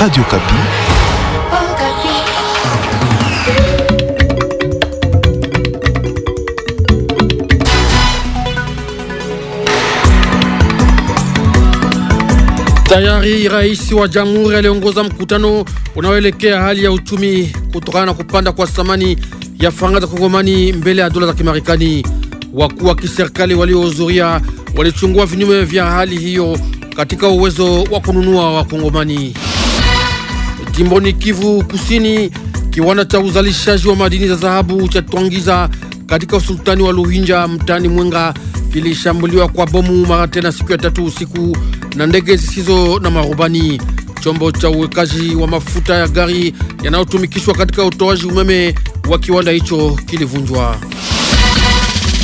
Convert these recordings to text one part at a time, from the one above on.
Radio Kapi. Tayari rais wa jamhuri aliongoza mkutano unaoelekea hali ya uchumi kutokana na kupanda kwa thamani ya faranga za Kongomani mbele ya dola za Kimarekani. Wakuu wa kiserikali waliohudhuria walichungua vinyume vya hali hiyo katika uwezo wa kununua wa Kongomani. Jimboni Kivu Kusini, kiwanda cha uzalishaji wa madini za dhahabu cha Twangiza katika usultani wa Luhinja mtaani Mwenga kilishambuliwa kwa bomu mara tena siku ya tatu usiku na ndege zisizo na marubani. Chombo cha uwekaji wa mafuta ya gari yanayotumikishwa katika utoaji umeme wa kiwanda hicho kilivunjwa.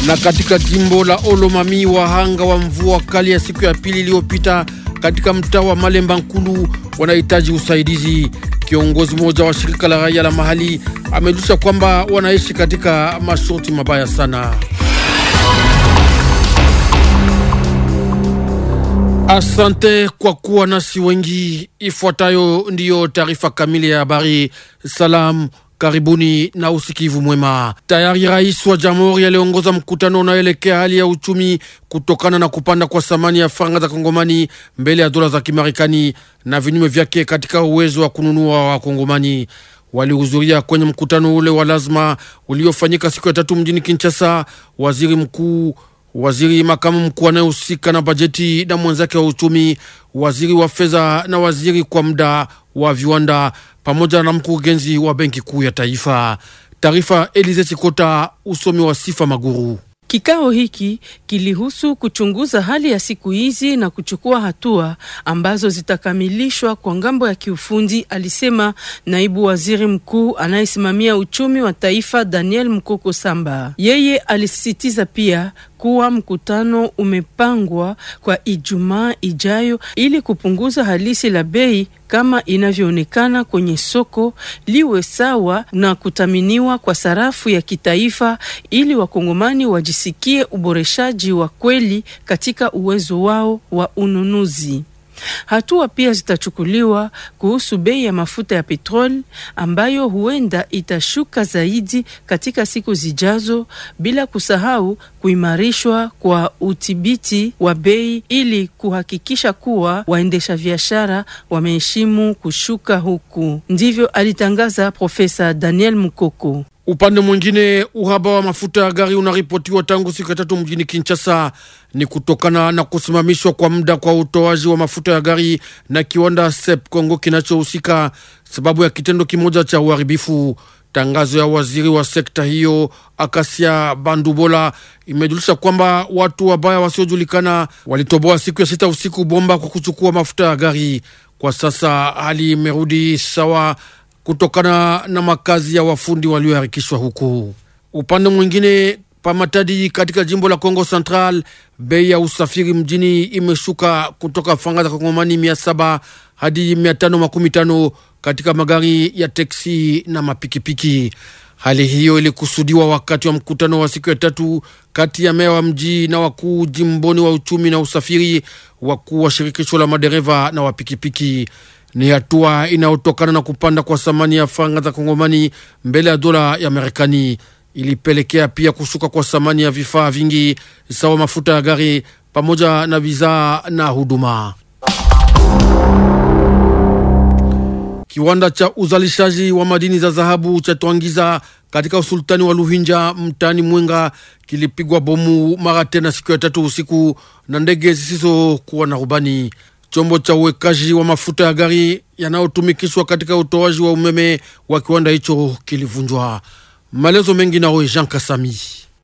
Na katika jimbo la Olomami, wahanga wa mvua kali ya siku ya pili iliyopita katika mtaa wa Malemba Nkulu wanahitaji usaidizi. Kiongozi mmoja wa shirika la raia la mahali amejulisha kwamba wanaishi katika masharti mabaya sana. Asante kwa kuwa nasi wengi. Ifuatayo ndiyo taarifa kamili ya habari. Salamu Karibuni na usikivu mwema. Tayari rais wa jamhuri aliongoza mkutano unaoelekea hali ya uchumi kutokana na kupanda kwa thamani ya faranga za Kongomani mbele ya dola za Kimarekani na vinyume vyake katika uwezo wa kununua wa Kongomani. Walihudhuria kwenye mkutano ule wa lazima uliofanyika siku ya tatu mjini Kinshasa waziri mkuu waziri makamu mkuu anayehusika na bajeti na mwenzake wa uchumi, waziri wa fedha na waziri kwa muda wa viwanda pamoja na mkurugenzi wa benki kuu ya taifa. Taarifa Elize Chikota, usomi wa Sifa Maguru. Kikao hiki kilihusu kuchunguza hali ya siku hizi na kuchukua hatua ambazo zitakamilishwa kwa ngambo ya kiufundi, alisema naibu waziri mkuu anayesimamia uchumi wa taifa Daniel Mkoko Samba. Yeye alisisitiza pia kuwa mkutano umepangwa kwa Ijumaa ijayo ili kupunguza halisi la bei kama inavyoonekana kwenye soko liwe sawa na kutaminiwa kwa sarafu ya kitaifa ili wakongomani wajisikie uboreshaji wa kweli katika uwezo wao wa ununuzi. Hatua pia zitachukuliwa kuhusu bei ya mafuta ya petroli ambayo huenda itashuka zaidi katika siku zijazo, bila kusahau kuimarishwa kwa udhibiti wa bei ili kuhakikisha kuwa waendesha biashara wameheshimu kushuka huku. Ndivyo alitangaza Profesa Daniel Mukoko. Upande mwingine, uhaba wa mafuta ya gari unaripotiwa tangu siku ya tatu mjini Kinshasa ni kutokana na kusimamishwa kwa muda kwa utoaji wa mafuta ya gari na kiwanda SEP Kongo kinachohusika sababu ya kitendo kimoja cha uharibifu. Tangazo ya waziri wa sekta hiyo Akasia Bandubola imejulisha kwamba watu wabaya wasiojulikana walitoboa siku ya sita usiku bomba kwa kuchukua mafuta ya gari. Kwa sasa hali imerudi sawa kutokana na makazi ya wafundi walioharikishwa huku. Upande mwingine Pamatadi katika jimbo la Kongo Central, bei ya usafiri mjini imeshuka kutoka franga za Kongomani mia saba hadi mia tano makumi tano katika magari ya teksi na mapikipiki. Hali hiyo ilikusudiwa wakati wa mkutano wa siku ya tatu kati ya meya wa mji na wakuu jimboni wa uchumi na usafiri, wakuu wa shirikisho la madereva na wapikipiki. Ni hatua inayotokana na kupanda kwa thamani ya franga za Kongomani mbele ya dola ya Marekani ilipelekea pia kushuka kwa thamani ya vifaa vingi sawa mafuta ya gari pamoja na bidhaa na huduma. Kiwanda cha uzalishaji wa madini za dhahabu cha Twangiza katika usultani wa Luhinja mtaani Mwenga kilipigwa bomu mara tena siku ya tatu usiku na ndege zisizokuwa na rubani. Chombo cha uwekaji wa mafuta ya gari yanayotumikishwa katika utoaji wa umeme wa kiwanda hicho kilivunjwa. Maelezo mengi nawe Jean Kasami.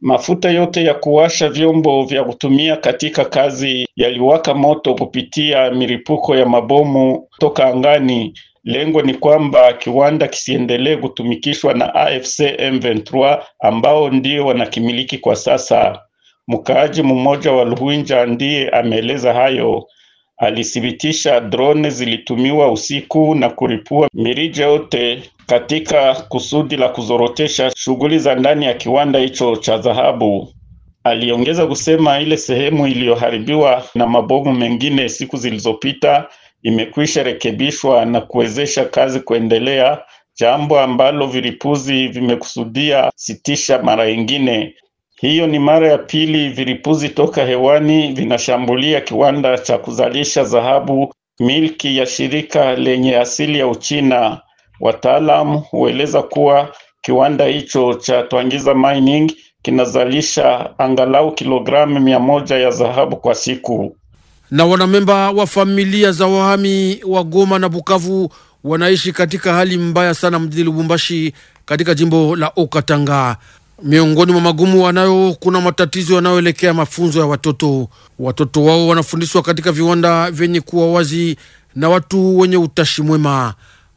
Mafuta yote ya kuwasha vyombo vya kutumia katika kazi yaliwaka moto kupitia milipuko ya mabomu toka angani. Lengo ni kwamba kiwanda kisiendelee kutumikishwa na AFC M23 ambao ndio wanakimiliki kwa sasa. Mkaaji mmoja wa Luhinja ndiye ameeleza hayo alithibitisha drone zilitumiwa usiku na kulipua mirija yote katika kusudi la kuzorotesha shughuli za ndani ya kiwanda hicho cha dhahabu. Aliongeza kusema ile sehemu iliyoharibiwa na mabomu mengine siku zilizopita imekwisha rekebishwa na kuwezesha kazi kuendelea, jambo ambalo vilipuzi vimekusudia sitisha mara nyingine. Hiyo ni mara ya pili vilipuzi toka hewani vinashambulia kiwanda cha kuzalisha dhahabu milki ya shirika lenye asili ya Uchina. Wataalamu hueleza kuwa kiwanda hicho cha Twangiza Mining kinazalisha angalau kilogramu mia moja ya dhahabu kwa siku. Na wanamemba wa familia za wahami wa Goma na Bukavu wanaishi katika hali mbaya sana mjini Lubumbashi katika jimbo la Okatanga. Miongoni mwa magumu wanayo kuna matatizo yanayoelekea mafunzo ya watoto. Watoto wao wanafundishwa katika viwanda vyenye kuwa wazi na watu wenye utashi mwema.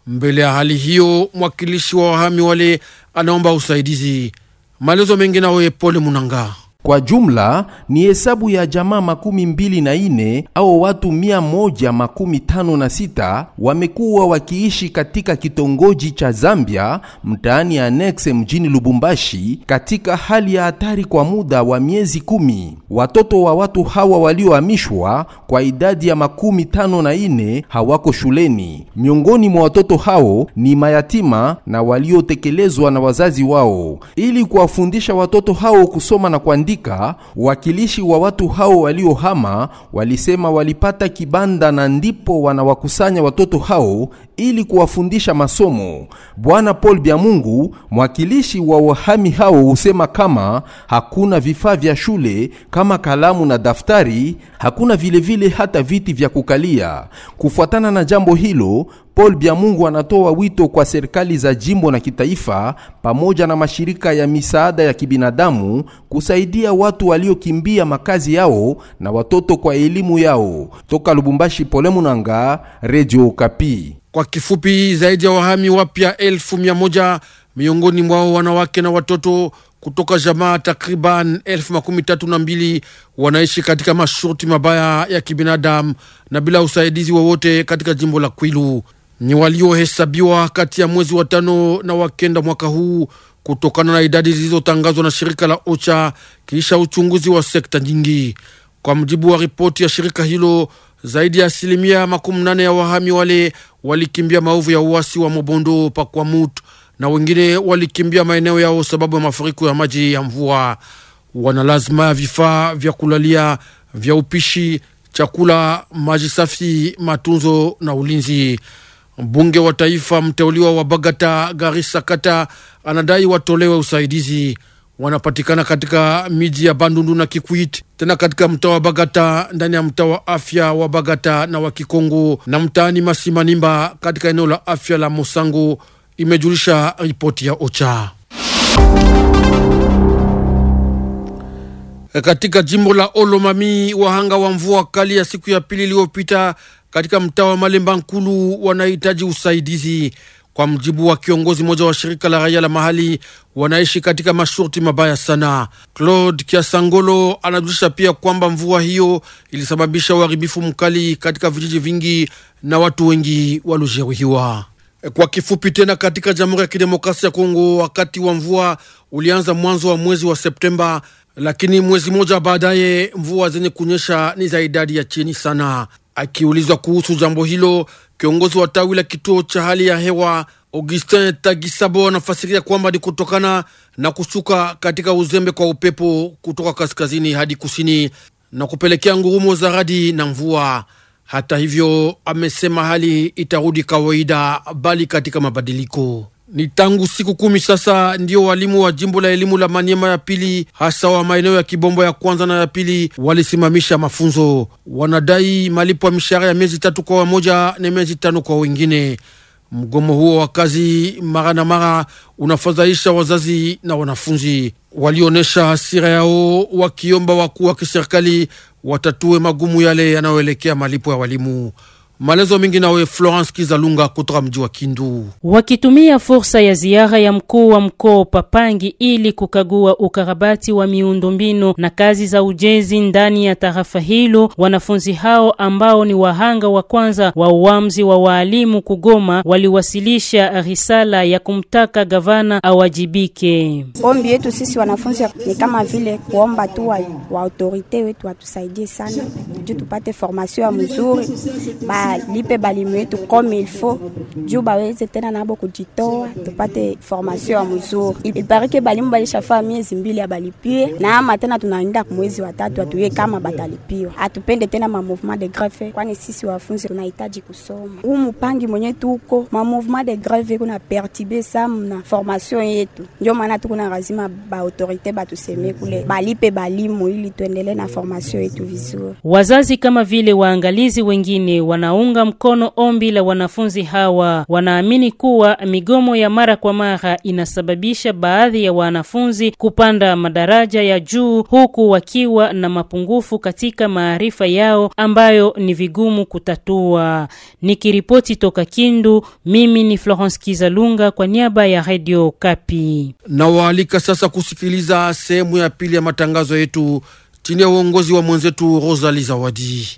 Mbele ya hali hiyo, mwakilishi wa wahami wale anaomba usaidizi. Maelezo mengi nawe Pole Munanga. Kwa jumla ni hesabu ya jamaa makumi mbili na ine au watu mia moja makumi tano na sita wamekuwa wakiishi katika kitongoji cha Zambia mtaani Annexe mjini Lubumbashi katika hali ya hatari kwa muda wa miezi kumi. Watoto wa watu hawa waliohamishwa kwa idadi ya makumi tano na ine hawako shuleni. Miongoni mwa watoto hao ni mayatima na waliotekelezwa na wazazi wao. Ili kuwafundisha watoto hao kusoma na kuandika kuandika, wakilishi wa watu hao waliohama walisema walipata kibanda na ndipo wanawakusanya watoto hao ili kuwafundisha masomo. Bwana Paul Byamungu, mwakilishi wa wahami hao, husema kama hakuna vifaa vya shule kama kalamu na daftari, hakuna vilevile vile hata viti vya kukalia. Kufuatana na jambo hilo, Paul Byamungu anatoa wito kwa serikali za jimbo na kitaifa pamoja na mashirika ya misaada ya kibinadamu kusaidia watu waliokimbia makazi yao na watoto kwa elimu yao. Toka Lubumbashi, Pole Munanga, Radio Kapi. Kwa kifupi, zaidi ya wahami wapya elfu mia moja miongoni mwao wanawake na watoto kutoka jamaa takriban elfu makumi tatu na mbili wanaishi katika masharti mabaya ya kibinadamu na bila usaidizi wowote katika jimbo la Kwilu. Ni waliohesabiwa kati ya mwezi wa tano na wakenda mwaka huu kutokana na idadi zilizotangazwa na shirika la OCHA kisha uchunguzi wa sekta nyingi. Kwa mujibu wa ripoti ya shirika hilo, zaidi ya asilimia makumi nane ya wahami wale walikimbia maovu ya uasi wa Mobondo Pakwamut, na wengine walikimbia maeneo yao sababu ya mafuriko ya maji ya mvua. Wanalazima vifaa vya kulalia, vya upishi, chakula, maji safi, matunzo na ulinzi. Mbunge wa taifa mteuliwa wa Bagata Garisa Kata anadai watolewe usaidizi wanapatikana katika miji ya Bandundu na Kikuit, tena katika mtaa wa Bagata ndani ya mtaa wa afya wa Bagata na wa Kikongo na mtaani Masimanimba katika eneo la afya la Mosango, imejulisha ripoti ya OCHA. Katika jimbo la Olomami, wahanga wa mvua kali ya siku ya pili iliyopita katika mtaa wa Malemba Nkulu wanahitaji usaidizi. Kwa mjibu wa kiongozi mmoja wa shirika la raia la mahali, wanaishi katika masharti mabaya sana. Claude Kiasangolo anajulisha pia kwamba mvua hiyo ilisababisha uharibifu mkali katika vijiji vingi na watu wengi waliojeruhiwa. Kwa kifupi tena, katika Jamhuri ya Kidemokrasia ya Kongo, wakati wa mvua ulianza mwanzo wa mwezi wa Septemba, lakini mwezi mmoja baadaye mvua zenye kunyesha ni za idadi ya chini sana. Akiulizwa kuhusu jambo hilo, Kiongozi wa tawi la kituo cha hali ya hewa Augustin Tagisabo anafasiria kwamba ni kutokana na kushuka katika uzembe kwa upepo kutoka kaskazini hadi kusini na kupelekea ngurumo za radi na mvua. Hata hivyo, amesema hali itarudi kawaida, bali katika mabadiliko. Ni tangu siku kumi sasa ndio walimu wa jimbo la elimu la manyema ya pili hasa wa maeneo ya Kibombo ya kwanza na ya pili walisimamisha mafunzo. Wanadai malipo ya mishahara ya miezi tatu kwa wamoja na miezi tano kwa wengine. Mgomo huo wa kazi mara na mara unafadhaisha wazazi na wanafunzi. Walionyesha hasira yao wakiomba wakuu wa kiserikali watatue magumu yale yanayoelekea malipo ya walimu. Maelezo mengi nawe Florence Kizalunga kutoka mji wa Kindu. Wakitumia fursa ya ziara ya mkuu wa mkoa Papangi ili kukagua ukarabati wa miundombinu na kazi za ujenzi ndani ya tarafa hilo, wanafunzi hao ambao ni wahanga wa kwanza wa uamzi wa waalimu kugoma waliwasilisha risala ya kumtaka gavana awajibike. Ombi yetu sisi wanafunzi ni kama vile kuomba tu wa autorite wetu watusaidie sana juu tupate formasio ya mzuri ba alipe balimu wetu kome ilfo juu baweze tena nabo kujitoa, tupate formasio ya mzuri. Iparike balimu balishafaa miezi mbili abalipie na ama tena tunaenda kumwezi watatu atuye kama batalipiwa. Atupende tena ma mouvement de greve, kwani sisi wafunzi tunahitaji kusoma. Huu mpangi mwenye tuko ma mouvement de greve kuna perturbe samna formation yetu, ndio maana tuko na lazima ba autorite batuseme kule balipe balimu ili tuendelee na formation yetu vizuri. Wazazi kama vile waangalizi wengine wana wanaunga mkono ombi la wanafunzi hawa. Wanaamini kuwa migomo ya mara kwa mara inasababisha baadhi ya wanafunzi kupanda madaraja ya juu huku wakiwa na mapungufu katika maarifa yao ambayo ni vigumu kutatua. Nikiripoti toka Kindu, mimi ni Florence Kizalunga kwa niaba ya Radio Kapi. Nawaalika sasa kusikiliza sehemu ya pili ya matangazo yetu chini ya uongozi wa mwenzetu Rosali Zawadi.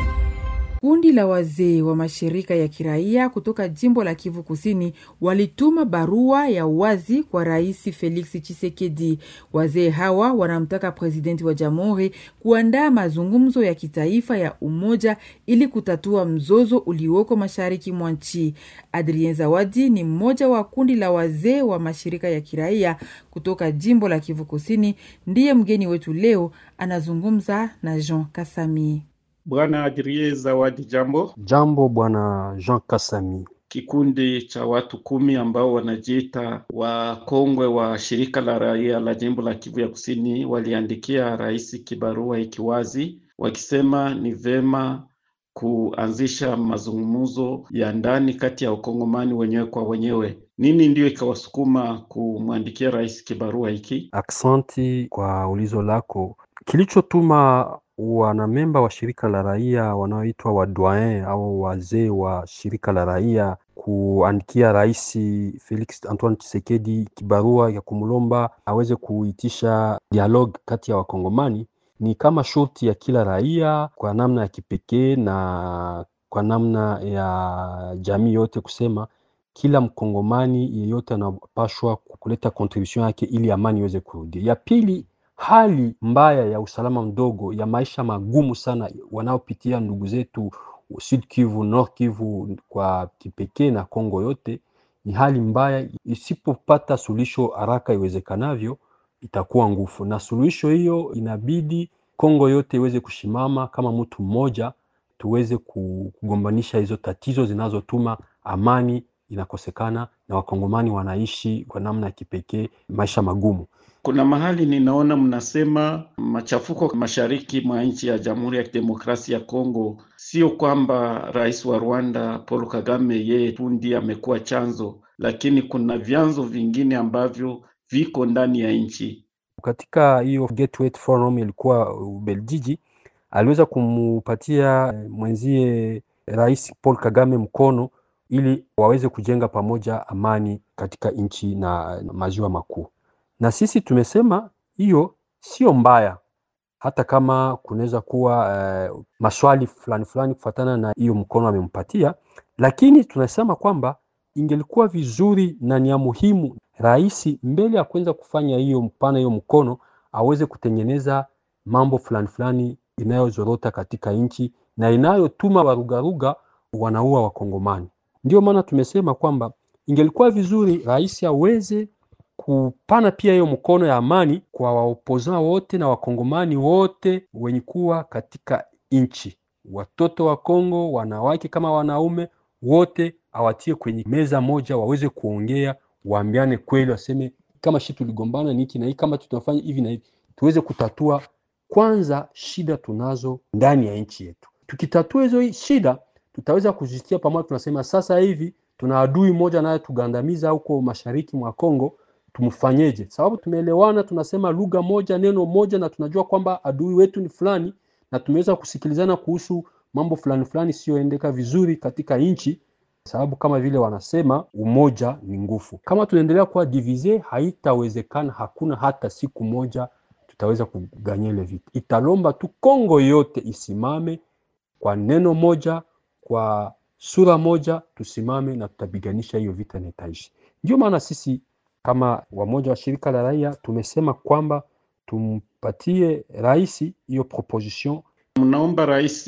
Kundi la wazee wa mashirika ya kiraia kutoka jimbo la Kivu Kusini walituma barua ya wazi kwa Rais Felix Tshisekedi. Wazee hawa wanamtaka presidenti wa jamhuri kuandaa mazungumzo ya kitaifa ya umoja ili kutatua mzozo ulioko mashariki mwa nchi. Adrien Zawadi ni mmoja wa kundi la wazee wa mashirika ya kiraia kutoka jimbo la Kivu Kusini, ndiye mgeni wetu leo, anazungumza na Jean Kasami. Bwana Adrie Zawadi, jambo. Jambo Bwana Jean Kasami. Kikundi cha watu kumi ambao wanajiita wakongwe wa shirika la raia la jimbo la Kivu ya Kusini waliandikia rais kibarua ikiwazi wakisema ni vema kuanzisha mazungumzo ya ndani kati ya wakongomani wenyewe kwa wenyewe. Nini ndiyo ikawasukuma kumwandikia rais kibarua hiki? Aksanti kwa ulizo lako. Kilichotuma wanamemba wa shirika la raia wanaoitwa wadoyen au wazee wa shirika la raia kuandikia Rais Felix Antoine Tshisekedi kibarua ya kumlomba aweze kuitisha dialogue kati ya Wakongomani ni kama shurti ya kila raia kwa namna ya kipekee na kwa namna ya jamii yote kusema kila Mkongomani yeyote anapashwa kuleta contribution yake ili amani iweze kurudi. Ya pili hali mbaya ya usalama mdogo ya maisha magumu sana wanaopitia ndugu zetu Sud Kivu, Nord Kivu kwa kipekee na Kongo yote, ni hali mbaya isipopata suluhisho haraka iwezekanavyo itakuwa ngufu, na suluhisho hiyo inabidi Kongo yote iweze kushimama kama mtu mmoja, tuweze kugombanisha hizo tatizo zinazotuma amani inakosekana na wakongomani wanaishi kwa namna ya kipekee maisha magumu. Kuna mahali ninaona mnasema machafuko mashariki mwa nchi ya Jamhuri ya Kidemokrasia ya Kongo. Sio kwamba rais wa Rwanda Paul Kagame yeye tu ndiye amekuwa chanzo, lakini kuna vyanzo vingine ambavyo viko ndani ya nchi. Katika hiyo Gateway Forum ilikuwa Ubeljiji, aliweza kumupatia eh, mwenzie rais Paul Kagame mkono ili waweze kujenga pamoja amani katika nchi na maziwa makuu na sisi tumesema hiyo sio mbaya, hata kama kunaweza kuwa uh, maswali fulani fulani kufuatana na hiyo mkono amempatia, lakini tunasema kwamba ingelikuwa vizuri na ni ya muhimu rais mbele ya kuweza kufanya hiyo mpana hiyo mkono aweze kutengeneza mambo fulani fulani inayozorota katika nchi na inayotuma warugaruga wanaua Wakongomani. Ndio maana tumesema kwamba ingelikuwa vizuri rais aweze kupana pia hiyo mkono ya amani kwa waopoza wote na wakongomani wote wenye kuwa katika nchi, watoto wa Kongo, wanawake kama wanaume, wote awatie kwenye meza moja, waweze kuongea, waambiane kweli, waseme kama shi tuligombana niki na hii, kama tutafanya hivi na hivi, tuweze kutatua kwanza shida tunazo ndani ya nchi yetu. Tukitatua hizo shida, tutaweza kujisikia pamoja. Tunasema sasa hivi tuna adui mmoja naye tugandamiza huko mashariki mwa Kongo, tumfanyeje? Sababu tumeelewana, tunasema lugha moja, neno moja, na tunajua kwamba adui wetu ni fulani, na tumeweza kusikilizana kuhusu mambo fulani fulani siyoendeka vizuri katika nchi, sababu kama vile wanasema umoja ni nguvu. Kama tunaendelea kuwa divize, haitawezekana. Hakuna hata siku moja tutaweza kuganya ile vita. Italomba tu Kongo yote isimame kwa neno moja, kwa sura moja, tusimame na tutapiganisha hiyo vita na itaishi. Ndio maana sisi kama wamoja wa shirika la raia tumesema kwamba tumpatie rais hiyo proposition. Mnaomba Rais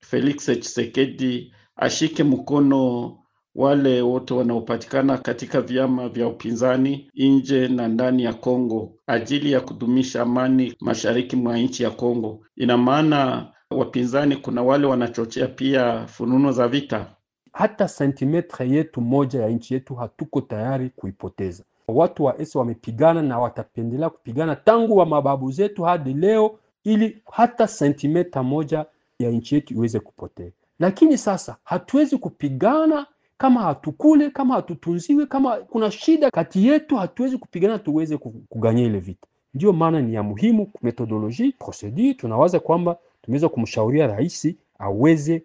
Felix Tshisekedi ashike mkono wale wote wanaopatikana katika vyama vya upinzani nje na ndani ya Kongo ajili ya kudumisha amani mashariki mwa nchi ya Kongo. Ina maana wapinzani kuna wale wanachochea pia fununo za vita. Hata sentimetre yetu moja ya nchi yetu hatuko tayari kuipoteza watu wa Yesu wamepigana na watapendelea kupigana tangu wa mababu zetu hadi leo, ili hata sentimeta moja ya nchi yetu iweze kupotea. Lakini sasa hatuwezi kupigana kama hatukule, kama hatutunziwe, kama kuna shida kati yetu, hatuwezi kupigana tuweze kuganya ile vita. Ndiyo maana ni ya muhimu methodology procedure. Tunawaza kwamba tumeweza kumshauria rais aweze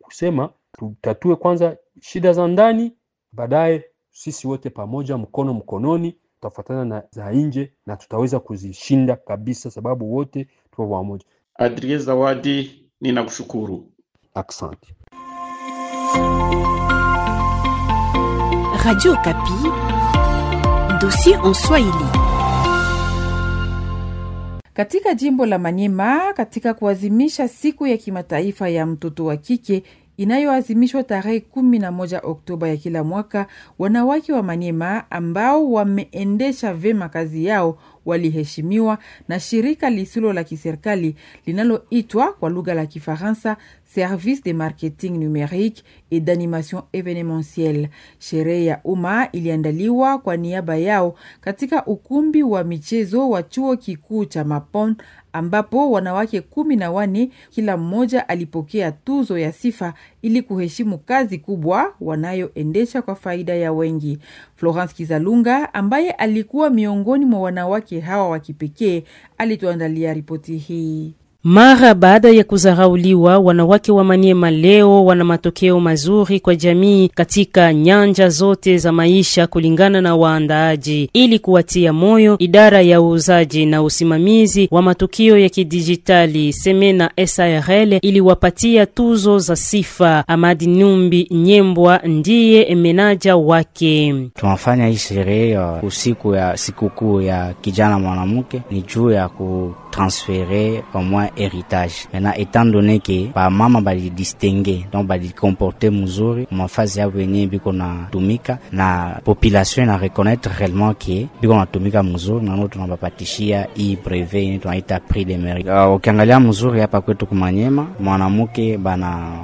kusema tutatue kwanza shida za ndani, baadaye sisi wote pamoja, mkono mkononi, tutafuatana na za nje na tutaweza kuzishinda kabisa, sababu wote tuko pamoja. Adrie Zawadi, ninakushukuru, asante. Radio Kapi, dossier en Swahili. Katika jimbo la Manyema, katika kuadhimisha siku ya kimataifa ya mtoto wa kike inayoazimishwa tarehe 11 Oktoba ya kila mwaka, wanawake wa Manyema ambao wameendesha vema kazi yao waliheshimiwa na shirika lisilo la kiserikali linaloitwa kwa lugha la Kifaransa Service de Marketing Numerique et d'Animation Evenementielle. Sherehe ya umma iliandaliwa kwa niaba yao katika ukumbi wa michezo wa chuo kikuu cha Mapon ambapo wanawake kumi na wane kila mmoja alipokea tuzo ya sifa ili kuheshimu kazi kubwa wanayoendesha kwa faida ya wengi. Florence Kizalunga ambaye alikuwa miongoni mwa wanawake wanawake hawa wa kipekee alituandalia ripoti hii. Mara baada ya kudharauliwa, wanawake wa Maniema leo wana matokeo mazuri kwa jamii katika nyanja zote za maisha, kulingana na waandaaji. Ili kuwatia moyo, idara ya uuzaji na usimamizi wa matukio ya kidijitali Semena SARL iliwapatia tuzo za sifa. Amadi Numbi Nyembwa ndiye menaja wake. tunafanya hii sherehe ya usiku ya sikukuu ya kijana mwanamke ni juu ya ku transférer au moins héritage. Maintenant, étant donné que par maman va distinguer, donc va comporter muzuri, ma phase ya venir biko na tumika na population na reconnaître réellement que biko na tumika muzuri na notre na bapatishia i brevet ni tunaita prix de mérite. Uh, ukiangalia muzuri hapa kwetu kumanyema mwanamke bana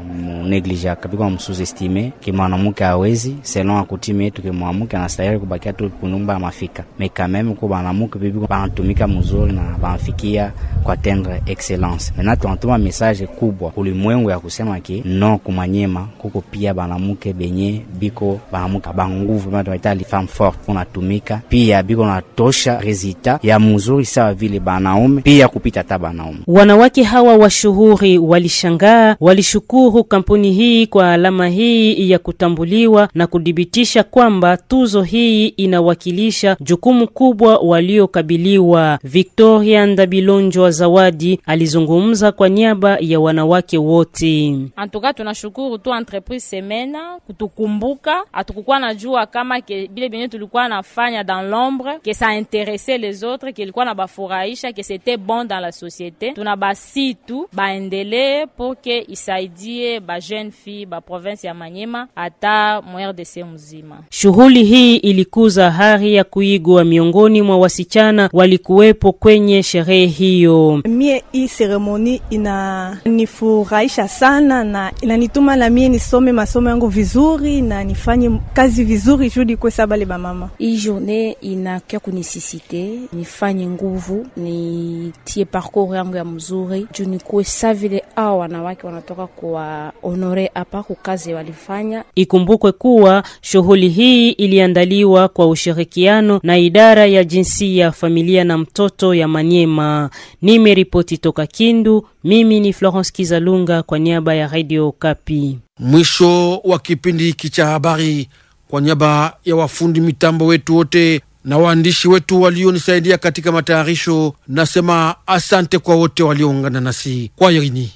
neglige kabiko na msuzestime ke mwanamke hawezi selon akutimi yetu ke mwanamke anastahili kubakia tu kunyumba ya mafika. Mais quand même ko banamuke biko banatumika muzuri na banfikia kuingia kwa tendre excellence. Mena tunatuma message kubwa kulimwengu ya kusema ke no kumanyema kuko pia banamuke benye biko banamuke banguvu banatali femme forte pona tumika pia biko natosha resultat ya mzuri sawa vile banaume pia kupita ta banaume. Wanawake hawa washuhuri walishangaa, walishukuru kampuni hii kwa alama hii ya kutambuliwa na kudhibitisha kwamba tuzo hii inawakilisha jukumu kubwa waliokabiliwa. Victoria Ndabilo lonjwa Zawadi alizungumza kwa niaba ya wanawake wote. Antuka tunashukuru tu entreprise Semena kutukumbuka, atukukua jua kama ke bile benye tulikuwa nafanya dans l'ombre ke sa interese les autres ke ilikuwa na bafurahisha ke c'était bon dans la société. Tunabasi tu baendelee pour ke isaidie ba jeune fille ba province ya Manyema ata MRDC mzima. Shughuli hii ilikuza hari ya kuigwa miongoni mwa wasichana walikuwepo kwenye sherehe hiyo. Mie hii seremoni inanifurahisha sana na inanituma na mie nisome masomo yangu vizuri na nifanye kazi vizuri judi kwesa bale bamama. Hii journe inakia kunisisite nifanye nguvu, nitie parcours yangu ya mzuri juu nikuwe savile awa wanawake wanatoka kuwa honore hapa kazi walifanya. Ikumbukwe kuwa shughuli hii iliandaliwa kwa ushirikiano na idara ya jinsia, familia na mtoto ya Manyema. Nimeripoti toka Kindu, mimi ni Florence Kizalunga kwa niaba ya Radio Kapi. Mwisho wa kipindi hiki cha habari, kwa niaba ya wafundi mitambo wetu wote na waandishi wetu walionisaidia katika matayarisho, nasema asante kwa wote walioungana nasi kwa irini.